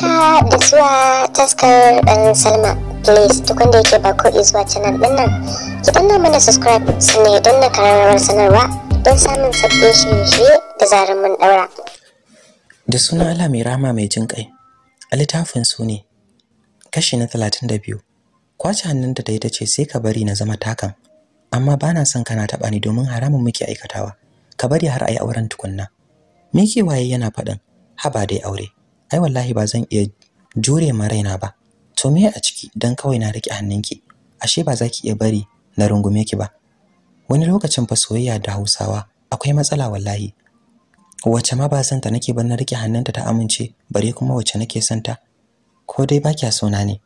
haka da zuwa taskar dan salma please duk wanda yake ba ko zuwa canal din nan ki danna mana subscribe sannan ya danna karamar sanarwa don samun sabbin shirye-shirye da zarar mun daura da suna ala mai rama mai jin kai a littafin su ne kashi na talatin da biyu kwace hannun da ita ce sai ka bari na zama takan amma bana son kana taɓa ni domin haramun muke aikatawa ka bari har a yi auren tukunna miki waye yana faɗin haba dai aure ai wallahi ba zan iya jure ma raina ba to me a ciki dan kawai na rike hannunki ashe ba za ki iya bari na rungume ki ba wani lokacin fa soyayya da Hausawa akwai matsala wallahi wace ma ba santa nake ban na rike hannunta ta amince bare kuma wace nake santa ko dai ba kya sona ne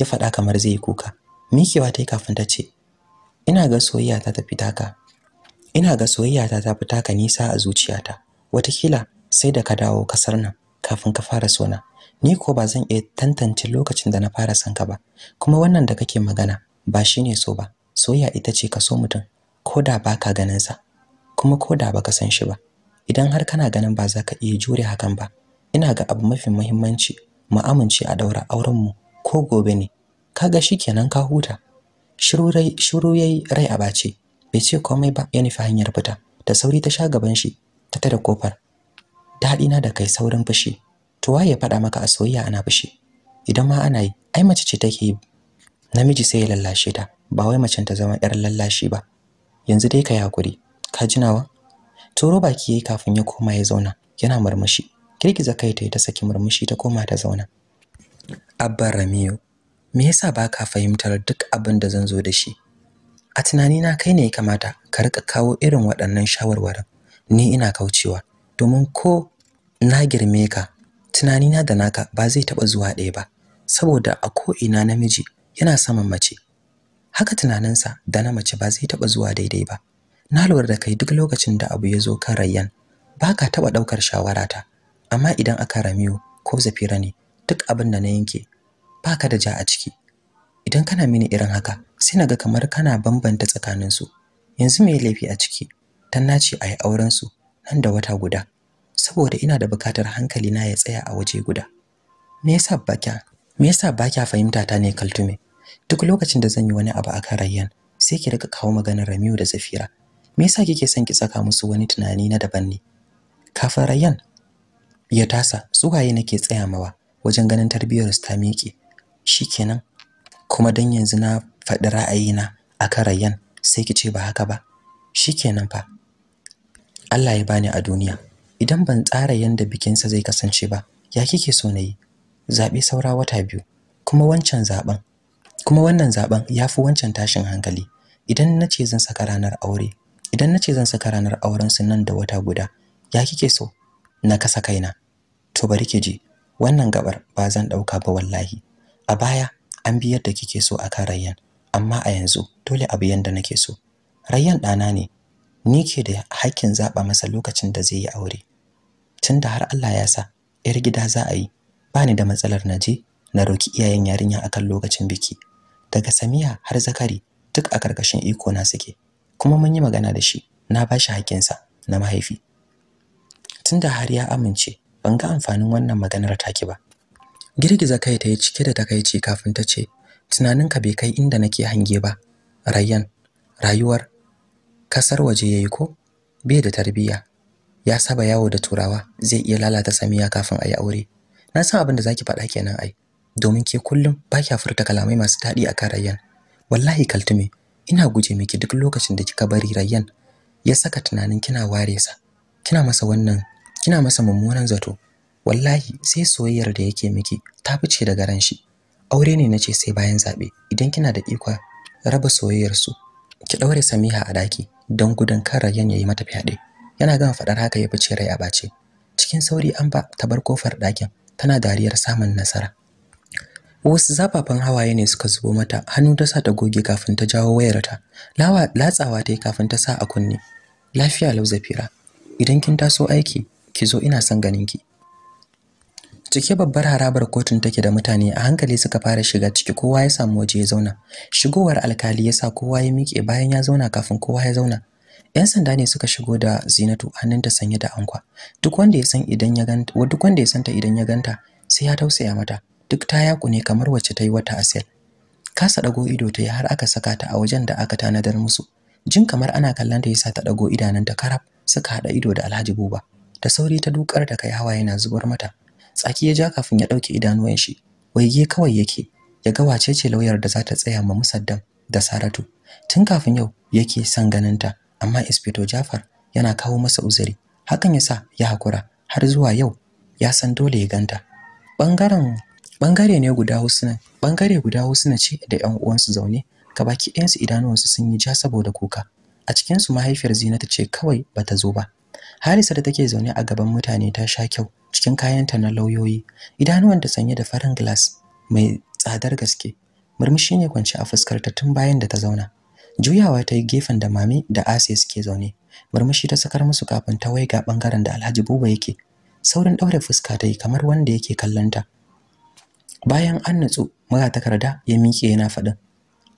ya faɗa kamar zai yi kuka mikewa ta yi kafin ta ce ina ga soyayya ta tafi taka ina ga soyayya ta tafi taka nisa a zuciyata watakila sai da ka dawo kasar nan kafin ka fara sona ni ko ba zan iya tantance lokacin da na fara son ka ba kuma wannan da kake magana ba shi ne so ba soyayya ita ce ka so mutum koda baka ganin sa kuma koda baka san shi ba idan har kana ganin ba za ka iya jure hakan ba ina ga abu mafi muhimmanci mu amince a daura auren mu ko gobe ne kaga kenan ka huta shiru yayi rai a bace bai ce komai ba ya nufi hanyar fita da sauri ta sha gaban shi ta tare kofar na da kai saurin fushi to waye ya faɗa maka a soyayya ana fushi idan ma ana yi ai mace ce take yi namiji sai ya lallashe ta ba wai macen ta zama yar lallashi ba yanzu dai ka hakuri ka ji nawa turo baki yayi kafin ya koma ya zauna yana murmushi girgiza kai ta ta saki murmushi ta koma ta zauna abba ramiyo me yasa baka fahimtar duk abin da zan zo da shi a tunanina kai ne ya kamata ka rika kawo irin waɗannan shawarwarin ni ina kaucewa domin ko na girme ka tunanina da naka ba zai taɓa zuwa ɗaya ba saboda a ko'ina namiji yana saman mace haka tunaninsa da na mace ba zai taɓa zuwa daidai ba na lura da kai duk lokacin da abu ya zo kan rayyan ba ka taɓa ɗaukar shawara ta. amma idan aka ramiyo ko zafira ne duk abin da na yanke ba ka da ja a ciki idan kana mini irin haka sai na ga kamar kana bambanta tsakaninsu yanzu me laifi a ciki dan na ce a yi aurensu nan da wata guda saboda ina da bukatar hankali na ya tsaya a waje guda me yasa baka me yasa baka fahimta ta ne kaltume duk lokacin da zan yi wani abu akan rayyan sai ki rika kawo maganar Ramiu da Zafira me yasa kike son ki saka musu wani tunani na daban ne kafin rayyan ya tasa suwaye nake tsaya mawa wajen ganin tarbiyyar su ta miƙe shikenan kuma dan yanzu na faɗi ra'ayina akan rayyan sai ki ce ba haka ba shikenan fa Allah ya bani a duniya idan ban tsara yanda bikinsa zai kasance ba ya kike so na yi zaɓe saura wata biyu kuma wancan zaɓen kuma wannan zaɓen ya fi wancan tashin hankali idan na ce zan saka ranar aure idan na ce zan saka ranar auren su nan da wata guda ya kike so na kasa kaina to bari ki ji wannan gabar ba zan ɗauka ba wallahi a baya an bi yadda kike so a kan rayyan amma a yanzu dole abu yanda nake so rayyan ɗana ne ni ke da hakkin zaɓa masa lokacin da zai yi aure Tun da har Allah ya sa yar gida za a yi ba ni da matsalar na je na roki iyayen yarinya akan lokacin biki daga Samiya har Zakari duk a karkashin iko na suke kuma mun yi magana da shi na ba shi haƙƙinsa na mahaifi Tun da har ya amince ban ga amfanin wannan maganar taki ba girgiza kai ta yi cike da takaici kafin ta ce tunaninka bai kai inda nake hange ba rayan, rayuwar kasar waje yayi ko bai da tarbiyya ya saba yawo da turawa zai iya lalata samiya kafin a yi aure na san abin da zaki faɗa kenan ai domin ke kullum ba kya furta kalamai masu daɗi a kan rayyan wallahi kaltume ina guje miki duk lokacin da kika bari rayyan ya saka tunanin kina ware sa kina masa wannan kina masa mummunan zato wallahi sai soyayyar da yake miki ta fice daga ran shi aure ne nace sai bayan zabe idan kina da ikon, raba soyayyar su ki daure Samiha a daki don gudan kan Rayyan yayi mata fyaɗe yana gama faɗar haka ya fice rai a bace cikin sauri an ba ta bar kofar ɗakin tana dariyar samun nasara wasu zafafan hawaye ne suka zubo mata hannu ta sa ta goge kafin ta jawo wayar lawa latsawa ta yi kafin ta sa a kunne lafiya lau zafira idan kin taso aiki ki zo ina son ganin ki cike babbar harabar kotun take da mutane a hankali suka fara shiga ciki kowa ya samu waje ya zauna shigowar alkali ya sa kowa ya miƙe bayan ya zauna kafin kowa ya zauna 'yan sanda ne suka shigo da Zinatu hannun ta sanye da ankwa duk wanda ya san idan ya ganta duk wanda ya santa idan ya ganta sai ya tausaya mata duk ta yaku ne kamar wacce ta yi wata asel kasa dago ido ta har aka saka ta a wajen da aka tanadar musu jin kamar ana kallon ta yasa ta dago ta karab suka hada ido da Alhaji Buba da sauri ta dukar da kai hawa yana zubar mata tsaki ya ja kafin ya dauke idanuwan shi waige kawai yake ya ga wacece lauyar da za ta tsaya ma musaddam da Saratu tun kafin yau yake son ganin ta amma Inspector Jafar yana kawo masa uzuri hakan yasa ya hakura har zuwa yau ya san dole ya ganta bangaren bangare ne guda Husna bangare guda Husna ce da ƴan uwansu zaune gabaki ɗayansu idanuwansu sun yi ja saboda kuka a cikin su mahaifiyar Zinata ce kawai bata zo ba Harisa da take zaune a gaban mutane ta sha kyau cikin kayanta na lauyoyi idanuwanta sanye da farin glass mai tsadar gaske murmushi ne kwance a fuskarta tun bayan da ta zauna juyawa ta yi gefen da mami da asiya suke zaune murmushi ta sakar musu kafin ta waiga bangaren da alhaji buba yake saurin ɗaure fuska ta yi kamar wanda yake kallonta bayan an nutsu takarda ya miƙe yana faɗin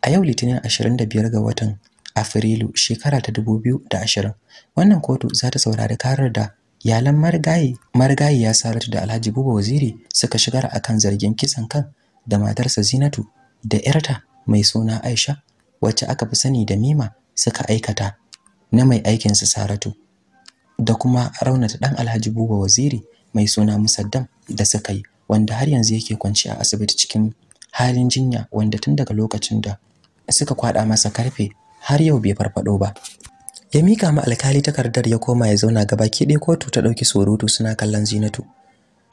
a yau litinin ashirin biyar ga watan afrilu shekara ta dubu biyu da ashirin, wannan kotu za ta saurari karar da yalan marigayi marigayi ya saratu da alhaji buba waziri suka shigar akan zargin kisan kan da matarsa zinatu da yarta mai suna aisha wacce aka fi sani da Mima suka aikata na mai aikin su Saratu da kuma raunata dan Alhaji Buba Waziri mai suna Musaddam da suka yi wanda har yanzu yake kwanci a asibiti cikin halin jinya wanda tun daga lokacin da suka kwada masa karfe har yau bai farfado ba ya mika ma alkali takardar ya koma ya zauna gaba ki ɗaya kotu ta ɗauki surutu suna kallon Zinatu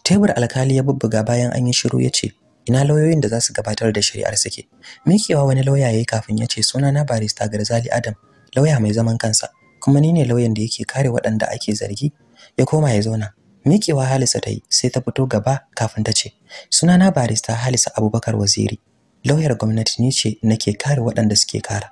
tebur alkali ya bubbuga bayan an yi shiru ya ce ina lauyoyin da za su gabatar da shari'ar suke mikewa wani lauya ya yi kafin ya ce suna na barista garzali adam lauya mai zaman kansa kuma ni ne lauyan da yake kare waɗanda ake zargi ya koma ya zauna mikewa halisa ta yi sai ta fito gaba kafin ta ce sunana barista halisa abubakar waziri lauyar gwamnati ni ce nake kare waɗanda suke kara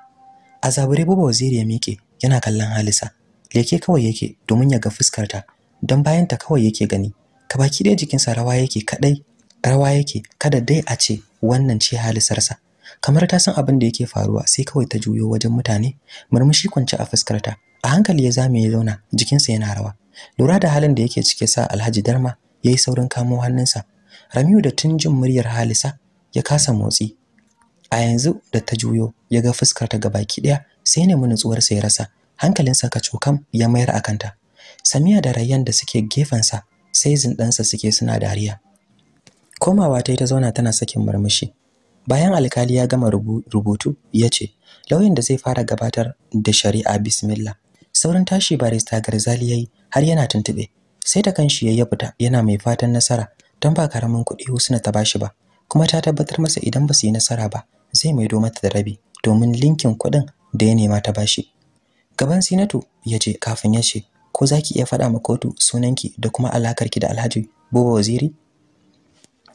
a zabure buba waziri ya mike yana kallon halisa leke kawai yake domin ya ga fuskarta don bayanta kawai yake gani ka baki ɗaya jikinsa rawa yake kaɗai rawa yake kada dai a ce wannan ce halisarsa kamar ta san abin da yake faruwa sai kawai ta juyo wajen mutane murmushi kwance a fuskarta a hankali ya zame ya zauna jikinsa yana rawa lura da halin da yake cike sa Alhaji Darma ya yi saurin kamo hannunsa Ramiu da tun jin muryar Halisa ya kasa motsi a yanzu da ta juyo ya ga fuskarta ga gabaki ɗaya sai ne mun ya ya rasa hankalinsa ka cokam ya mayar a kanta. Samiya da Rayyan da suke gefensa sai zindansa suke suna dariya komawa ta yi ta zauna tana sakin murmushi bayan alkali ya gama rubutu ya ce lauyan da zai fara gabatar da shari'a bismillah saurin tashi barista garzali ya yi har yana tuntuɓe sai da kanshi ya fita yana mai fatan nasara don ba karamin kuɗi husna ta bashi ba kuma ta tabbatar masa idan ba su yi nasara ba zai maido mata da rabi domin linkin kuɗin da ya nema ta bashi gaban sinatu ya ce kafin ya ce ko za ki iya faɗa ma kotu sunanki da kuma alakarki da alhaji buba waziri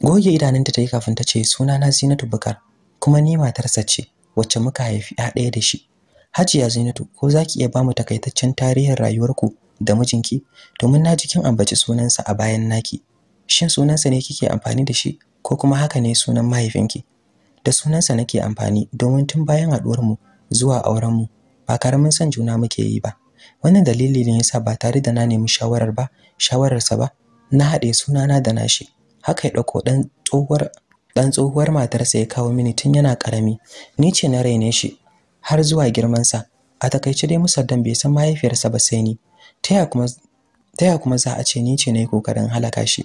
goge idanunta ta yi kafin ta ce suna na Zinatu Bukar kuma ni matarsa ce wacce muka haifi ya ɗaya da shi Hajiya Zinatu ko za ki iya ba mu takaitaccen tarihin rayuwarku da mijinki domin na jikin ambaci sunansa a bayan naki shin sunansa ne kike amfani da shi ko kuma haka ne sunan mahaifinki da sunansa nake amfani domin tun bayan haɗuwarmu zuwa aurenmu ba karamin son juna muke yi ba wannan dalili ne yasa ba tare da na nemi shawarar ba shawararsa ba na haɗe sunana da nashi haka ya ɗauko ɗan tsohuwar ɗan tsohuwar matarsa ya kawo mini tun yana ƙarami ni ce na raine shi har zuwa girmansa a takaice dai musaddan bai san mahaifiyarsa ba sai ni taya kuma taya kuma za a ce ni ce na yi kokarin halaka shi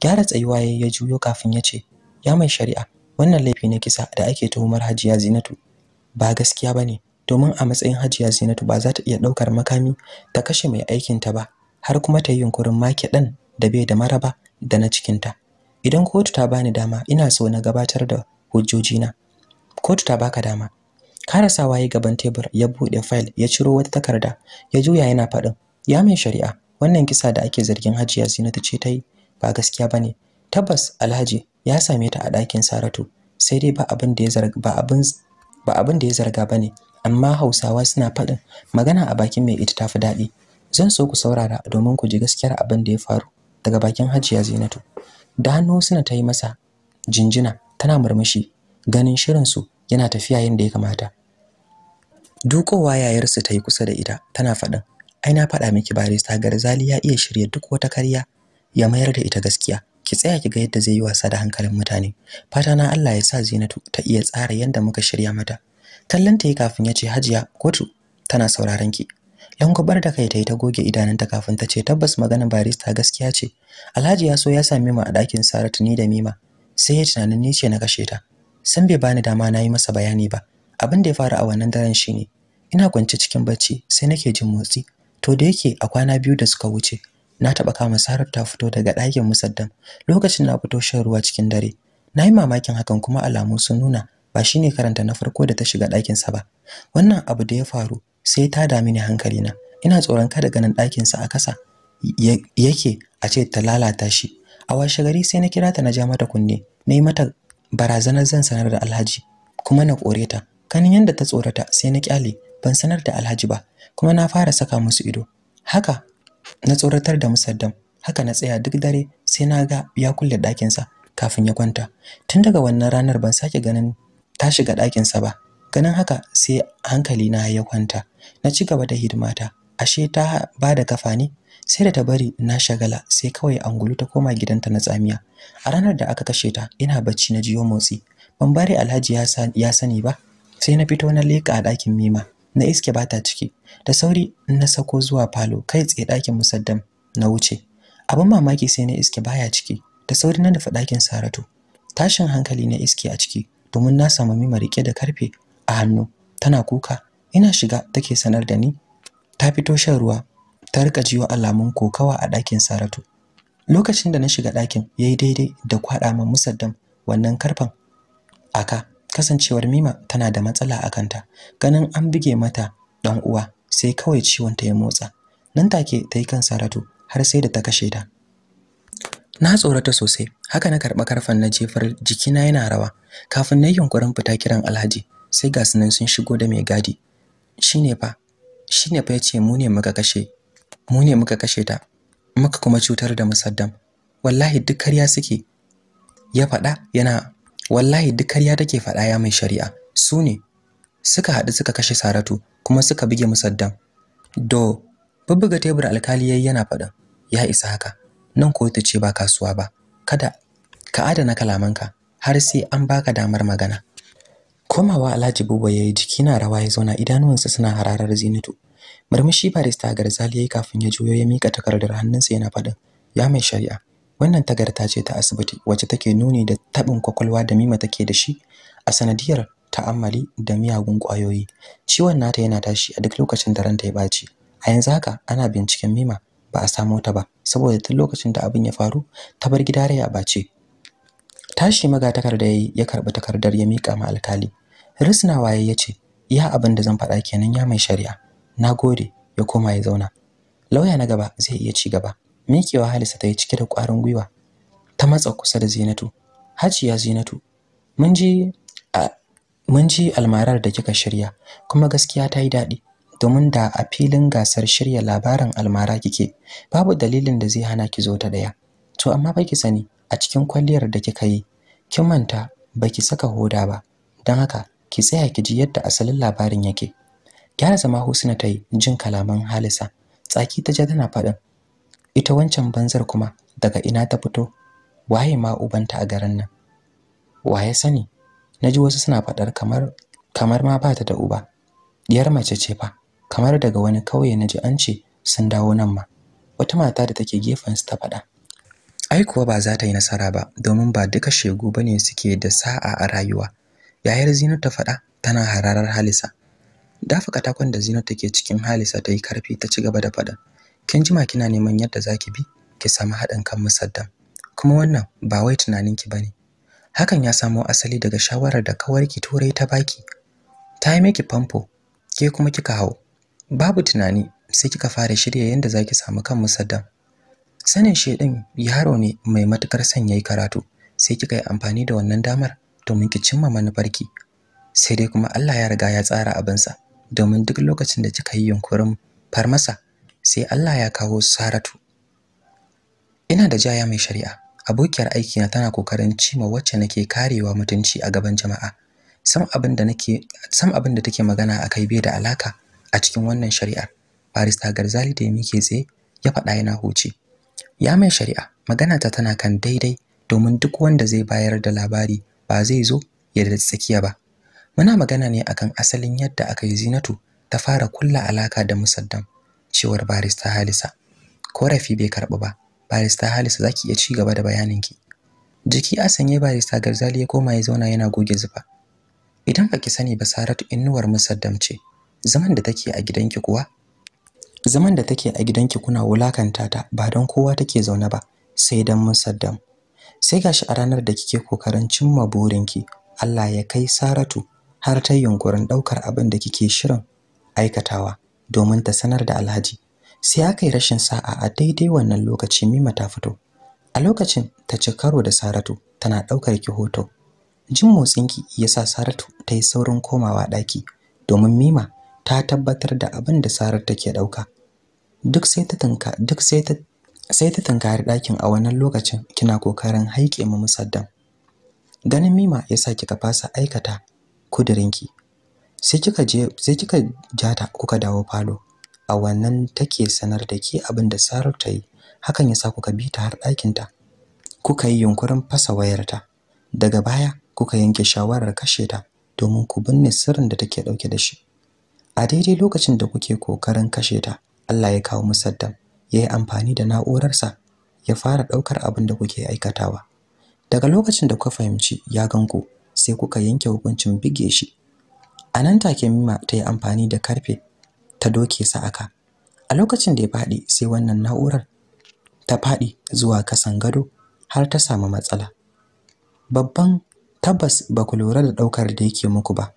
gyara tsayuwa ya yi juyo kafin ya ce ya mai shari'a wannan laifi na kisa da ake tuhumar hajiya zinatu ba gaskiya ba ne domin a matsayin hajiya zinatu ba za ta iya ɗaukar makami ta kashe mai aikinta ba har kuma ta yi yunkurin make ɗan da bai da maraba da na cikinta idan kotu ta bani dama ina so na gabatar da hujjojina kotu ta baka dama karasawa waye gaban tebur ya buɗe fayil ya ciro wata takarda ya juya yana faɗin ya mai shari'a wannan kisa da ake zargin hajiya zinatu ce ta yi ba gaskiya ba tabbas alhaji ya same ta a ɗakin saratu sai dai ba abin da ya zarga ba abin ba abin da ya zarga bane amma hausawa suna faɗin magana a bakin mai ita tafi daɗi zan so ku saurara domin ku ji gaskiyar abin da ya faru daga bakin hajiya zinatu da hannu suna ta yi masa jinjina tana murmushi ganin shirinsu yana tafiya yadda ya kamata dukowa yayarsu ta yi kusa da ita tana faɗin ai na faɗa miki barista garzali ya iya shirya duk wata karya ya mayar da ita gaskiya ki tsaya ki ga yadda zai yi wasa da hankalin mutane fata na Allah ya sa Zinatu ta iya tsara yadda muka shirya mata kallon ta yi kafin ya ce Hajiya kotu tana sauraron ki yan gubar da kai ta yi ta goge idanunta kafin ta ce tabbas maganar barista gaskiya ce alhaji ya so ya same mu a ɗakin saratu ni da mima sai ya tunanin ni ce na kashe ta san bai bani dama na yi masa bayani ba abin da ya faru a wannan daren shine ina kwance cikin bacci sai nake jin motsi to da yake a kwana biyu da suka wuce na taɓa kama Saratu ta fito daga ɗakin musaddam lokacin na fito shan ruwa cikin dare na yi mamakin hakan kuma alamu sun nuna ba shine karanta na farko da ta shiga ɗakinsa ba wannan abu da ya faru sai ta dami ni hankalina ina tsoron kada ganin sa a kasa yake a ce ta lalata shi a washe gari sai na kira ta na ja mata kunne na yi mata barazanar zan sanar da alhaji kuma na kore ta kanin yadda ta tsorata sai na kyale ban sanar da alhaji ba kuma na fara saka musu ido haka na tsoratar da musaddam haka na tsaya duk dare sai na ga ya kulle ɗakinsa kafin ya kwanta tun daga wannan ranar ban sake ganin ta shiga ɗakinsa ba ganin haka sai hankali na ya kwanta na ci gaba da hidimata ashe ta ba da kafa ne sai da ta bari na shagala sai kawai angulu ta koma gidanta na tsamiya a ranar da aka kashe ta ina bacci na jiyo motsi ban bari alhaji ya sani ba sai na fito na leka a ɗakin mima na iske bata ciki da sauri na sako zuwa falo kai tsaye ɗakin musaddam na wuce abin mamaki sai na iske baya ciki da sauri na nufi ɗakin saratu tashin hankali na iske a ciki domin na samu mima rike da karfe a hannu tana kuka ina shiga take sanar da ni ta fito shan ruwa ta rika jiwa alamun kokawa a ɗakin Saratu lokacin da na shiga ɗakin ya yi daidai da kwaɗa ma musaddam wannan karfan aka kasancewar Mima tana da matsala a kanta ganin an bige mata ɗan uwa sai kawai ciwon ta ya motsa nan take ta yi kan Saratu har sai da ta kashe ta Na tsorata sosai, haka na karɓa karfan na jefar jikina yana rawa. Kafin na yi yunkurin fita kiran Alhaji, sai ga sunan sun shigo da mai gadi shine fa shine fa yace mu ne muka kashe mu ne muka kashe ta muka kuma cutar da musaddam wallahi duk karya suke ya faɗa yana wallahi duk karya take faɗa ya mai shari'a su ne suka haɗu suka kashe saratu kuma suka buge musaddam do bubbuga tebur alkali yayi yana faɗin ya isa haka nan kotu ce ba kasuwa ba kada ka adana kalamanka har sai an baka damar magana komawa Alhaji Buba yi jiki na rawa ya zauna idanuwansa suna hararar Zinatu murmushi barista Garzali yayi kafin ya juyo ya mika takardar hannunsa yana faɗin ya mai shari'a wannan tagarta ce ta asibiti wacce take nuni da taɓin kwakwalwa da Mima take da shi a sanadiyar ta'ammali da miyagun ƙwayoyi ciwon nata yana tashi a duk lokacin da ranta ya baci a yanzu haka ana binciken Mima ba a samo ta ba saboda tun lokacin da abin ya faru ta bar gida rai a bace tashi magatakarda yayi ya karɓi takardar ya mika ma alkali Risna waye ya ce, "Iya abin da zan faɗa kenan ya mai shari'a. Na gode." Ya koma ya zauna. Lauya na gaba zai iya ci gaba. Mikewa Halisa ta yi cike da ƙwarin gwiwa. Ta matsa kusa da Zinatu. Hajiya Zinatu, mun ji mun ji almarar da kika shirya, kuma gaskiya ta yi daɗi. Domin da a filin gasar shirya labarin almara kike, babu dalilin da zai hana ki zo ta ɗaya. To amma baki sani, a cikin kwalliyar da kika yi, kin manta baki saka hoda ba. Don haka ki tsaya ki ji yadda asalin labarin yake gyara zama husna ta yi jin kalaman halisa tsaki ta ja tana faɗin ita wancan banzar kuma daga ina ta fito waye ma ubanta a garin nan waye sani na ji wasu suna faɗar kamar kamar ma ba ta da uba diyar mace ce fa kamar daga wani kauye na ji an ce sun dawo nan ma wata mata da take gefen su ta faɗa ai kuwa ba za ta yi nasara ba domin ba duka shegu ba ne suke da sa'a a rayuwa yayar Zinat ta faɗa tana hararar Halisa dafa katakon da Zinat take cikin Halisa ta yi karfi ta ci gaba da faɗa kin jima kina neman yadda zaki bi ki samu haɗin kan Musaddam kuma wannan ba wai tunaninki bane hakan ya samo asali daga shawarar da kawarki Turai ta baki ta yi miki famfo ke kuma kika hau babu tunani sai kika fara shirya yadda zaki samu kan Musaddam sanin din yaro ne mai matukar son yayi karatu sai kika yi amfani da wannan damar domin ki cimma manufarki sai dai kuma Allah ya riga ya tsara abinsa domin duk lokacin da kika yi yunkurin farmasa sai Allah ya kawo Saratu ina da jaya mai shari'a abokiyar na tana kokarin cima wacce nake karewa mutunci a gaban jama'a sam abin da nake sam abin da take magana akai bai da alaka a cikin wannan shari'ar barista Garzali da yake tsaye ya faɗa yana huce ya mai shari'a magana ta tana kan daidai domin duk wanda zai bayar da labari ba zai zo ya da tsakiya ba muna magana ne akan asalin yadda aka yi Zinatu ta fara kulla alaka da Musaddam cewar barista Halisa korafi bai karɓi ba barista Halisa zaki iya ci gaba da bayanin ki jiki a sanye barista Garzali ya koma ya zauna yana goge zufa idan ki sani ba Saratu innuwar Musaddam ce zaman da take a gidanki kuwa zaman da take a gidanki kuna wulakanta ta ba don kowa take zaune ba sai dan Musaddam sai gashi a ranar da kike kokarin cimma burinki Allah ya kai Saratu har ta yunkurin daukar abin da kike shirin aikatawa domin ta sanar da Alhaji sai aka yi rashin sa'a a daidai wannan lokaci Mima ta fito a lokacin ta ci karo da Saratu tana daukar ki hoto jin motsinki yasa Saratu ta yi saurin komawa daki domin Mima ta tabbatar da abin da Saratu take dauka duk sai ta duk sai ta sai ta tunkari ɗakin a wannan lokacin kina kokarin haike mu musaddan ganin mima ya sa kika fasa aikata kudirinki sai kika je sai kika jata kuka dawo falo a wannan take sanar da ke abin da Sarar ta yi hakan ya sa kuka bi ta har ɗakinta kuka yi yunkurin fasa wayarta daga baya kuka yanke shawarar kashe ta domin ku binne sirrin da take dauke da shi a daidai lokacin da kuke kokarin kashe ta Allah ya kawo musaddam ya yi amfani da na'urarsa ya fara ɗaukar abin da kuke aikatawa. Daga lokacin da kuka fahimci ya ganku sai kuka yanke hukuncin bige shi. A nan take Mima ta yi amfani da karfe ta doke sa aka. A lokacin da ya faɗi sai wannan na'urar ta faɗi zuwa kasan gado har ta samu matsala. Babban tabbas ba ku lura da ɗaukar da yake muku ba.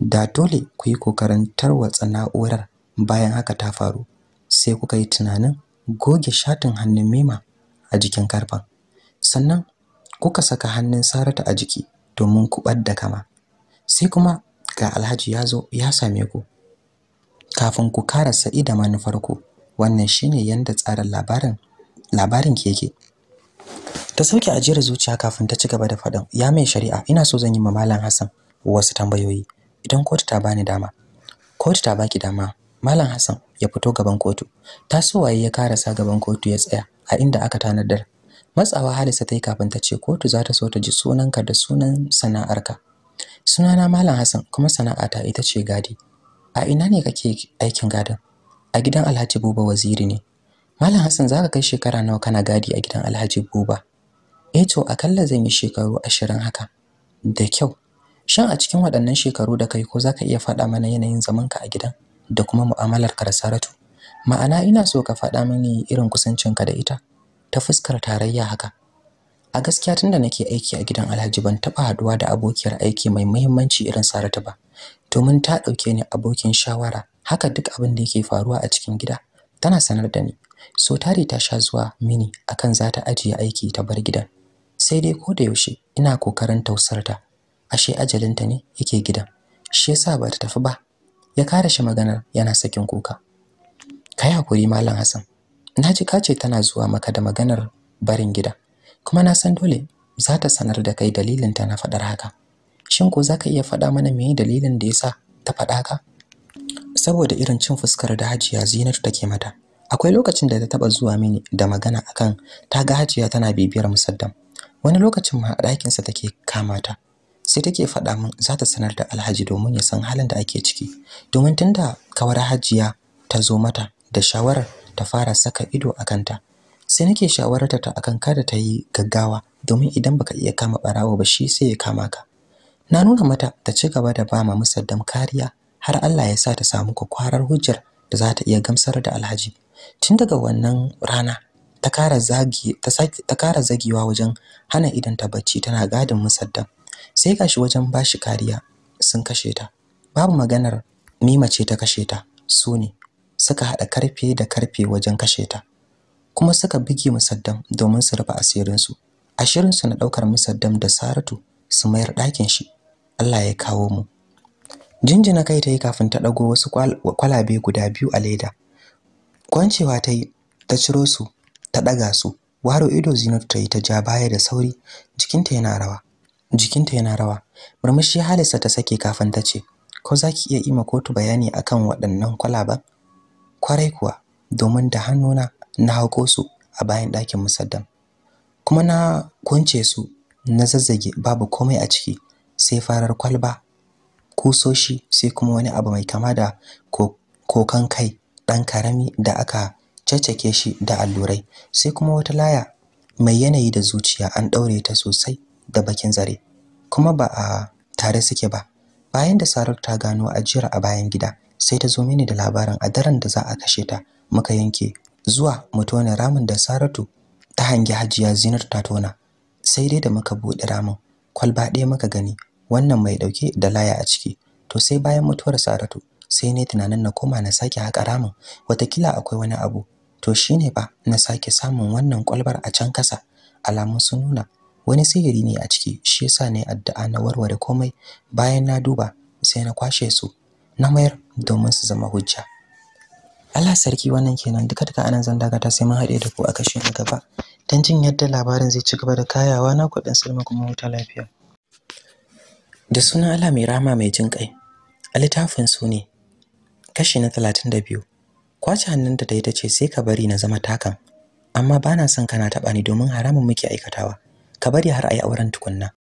Da dole ku yi kokarin tarwatsa na'urar bayan haka ta faru sai kuka yi tunanin goge shatin hannun Mema a jikin karfan. Sannan kuka saka hannun Saratu a jiki domin ku da kama. Sai kuma ga Alhaji ya zo ya same ku. Kafin ku kara da ida farko, wannan shine yanda tsarin labarin keke. Ta sauke ajiyar zuciya kafin ta ci gaba da faɗin, "Ya mai shari'a, ina so zan yi ma Malam Hassan wasu tambayoyi idan kotu ta bani dama." Kotu ta baki dama, Malam Hassan ya fito gaban kotu. Ta so waye ya karasa gaban kotu ya tsaya a inda aka tanadar. Matsawa Halisa ta yi kafin ta ce kotu za ta so ta ji sunanka da sunan sana'arka. Sunana Malam Hassan kuma sana'ata ita ce gadi. A ina ne kake aikin gadon? A gidan Alhaji Buba Waziri ne. Malam Hassan za ka kai shekara nawa kana gadi a gidan Alhaji Buba? Eh to akalla zan yi shekaru ashirin haka. Da kyau. Shan a cikin waɗannan shekaru da kai ko za ka iya faɗa mana yanayin zamanka a gidan? da kuma mu'amalar ka da Saratu ma'ana ina so ka faɗa mini irin kusancinka da ita ta fuskar tarayya haka a gaskiya tunda nake aiki a gidan Alhaji ban taɓa haɗuwa da abokiyar aiki mai muhimmanci irin Saratu ba domin ta ɗauke ni abokin shawara haka duk abin da yake faruwa a cikin gida tana sanar da ni so tare ta sha zuwa mini akan za ta ajiye aiki ta bar gidan sai dai ko da yaushe ina kokarin tausarta ashe ajalinta ne yake gidan shi yasa ba ta tafi ba ya kare shi maganar yana sakin kuka kai hakuri malam Hassan na ji kace tana zuwa maka da maganar barin gida kuma na san dole za ta sanar da kai dalilin ta na faɗar haka shin ko zaka iya faɗa mana me dalilin da ya sa ta faɗa haka saboda irin cin fuskar da Hajiya Zinatu take mata akwai lokacin da ta taɓa zuwa mini da magana akan ta ga Hajiya tana bibiyar Musaddam wani lokacin ma a ɗakinsa take kamata sai take faɗa min za ta sanar da Alhaji domin ya san halin da ake ciki domin tunda kawar Hajiya ta zo mata da shawarar ta fara saka ido a kanta sai nake shawarar ta akan kada ta yi gaggawa domin idan baka iya kama barawo ba shi sai ya kama ka na nuna mata ta ci gaba da ba ma musaddam kariya har Allah ya sa ta samu kwakwarar hujjar da za ta iya gamsar da Alhaji tun daga wannan rana ta kara zagi ta kara zagewa wajen hana idan ta bacci tana gadin musaddam sai gashi wajen bashi kariya sun kashe ta babu maganar mima ce ta kashe ta su ne suka haɗa karfe da karfe wajen kashe ta kuma suka bugi musaddam domin su rufe asirinsu ashirinsu na ɗaukar musaddam da saratu su mayar ɗakin shi allah ya kawo mu jinjina kai ta yi kafin ta ɗago wasu kwalabe guda biyu a leda kwancewa ta yi ta ciro su ta ɗaga su waro ido zinatu ta yi ta ja baya da sauri jikinta yana rawa jikinta yana rawa murmushi halisa ta sake kafin ta ce ko zaki ki iya ima kotu bayani akan waɗannan kwalaba kwarai kuwa domin da hannuna na hauko su a bayan ɗakin musaddam kuma na kunce su na zazzage babu komai a ciki sai farar kwalba kusoshi sai kuma wani abu mai kama da kokan kai ɗan karami da aka caccake shi da allurai sai kuma wata laya mai yanayi da zuciya an ɗaure ta sosai da bakin zare kuma ba a tare suke ba bayan da sarar ta gano ajiyar a bayan gida sai ta zo mini da labarin a daren da za a kashe ta muka yanke zuwa mu tona ramin da saratu ta hangi hajiya zinar ta tona sai dai da muka buɗe ramin kwalba ɗaya muka gani wannan mai ɗauke da laya a ciki to sai bayan mutuwar saratu sai ne tunanin na koma na sake haƙa ramin watakila akwai wani abu to shine ba na sake samun wannan kwalbar a can kasa alamun sun nuna wani sihiri ne a ciki shi yasa ne addu'a na warware komai bayan na duba sai na kwashe su na mayar domin su zama hujja Allah sarki wannan kenan duka duka anan zan dakata sai mun haɗe da ku a kashin na gaba dan jin yadda labarin zai ci gaba da kayawa na kuɗin Salma kuma huta lafiya da sunan Allah mai rahama mai jin kai a littafin su ne kashi na talatin da biyu. kwace hannunta ta yi ta ce sai ka bari na zama takan amma ba na son kana taɓa ni domin haramun muke aikatawa ka bari har ayi auren tukunna